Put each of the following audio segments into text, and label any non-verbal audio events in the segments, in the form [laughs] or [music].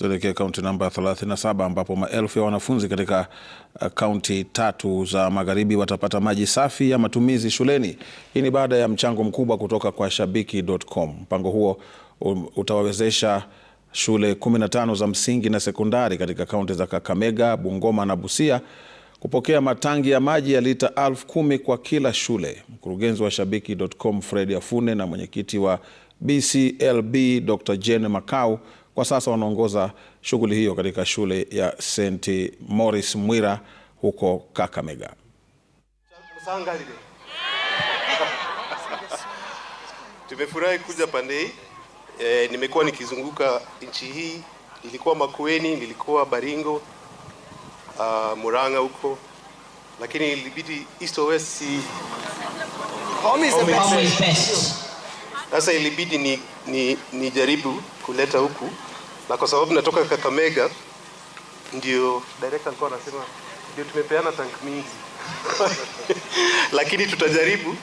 Tuelekee kaunti namba 37 ambapo maelfu ya wanafunzi katika eh, kaunti tatu za magharibi watapata maji safi ya matumizi shuleni. Hii ni baada ya mchango mkubwa kutoka kwa Shabiki.com. Mpango huo um, utawawezesha shule 15 za msingi na sekondari katika kaunti za Kakamega, Bungoma na Busia kupokea matangi ya maji ya lita elfu kumi kwa kila shule. Mkurugenzi wa Shabiki.com Fred Afune na mwenyekiti wa BCLB Dr. Jane Makau kwa sasa wanaongoza shughuli hiyo katika shule ya St Morris Mwira huko Kakamega. Tumefurahi kuja pande hii e, nimekuwa nikizunguka nchi hii, nilikuwa Makueni, nilikuwa Baringo, uh, Murang'a huko, lakini ilibidi East West home is the best. Sasa ilibidi ni, ni, kuleta huku na kwa sababu natoka Kakamega, ndio director alikuwa anasema ndio tumepeana tank mingi [laughs] lakini tutajaribu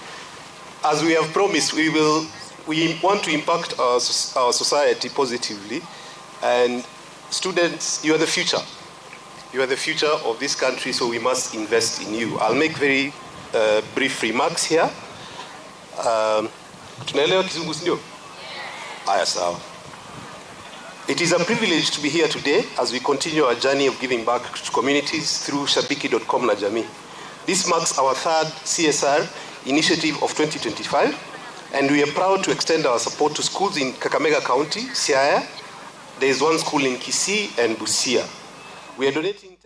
as we have promised we will we want to impact our, our society positively and students you are the future you are the future of this country so we must invest in you i'll make very uh, brief remarks here um, tunaelewa kizungu sindio haya sawa It is a privilege to be here today as we continue our journey of giving back to communities through shabiki.com na jamii. This marks our third CSR initiative of 2025 and we are proud to extend our support to schools in Kakamega County, Siaya. There is one school in Kisii and Busia. We are donating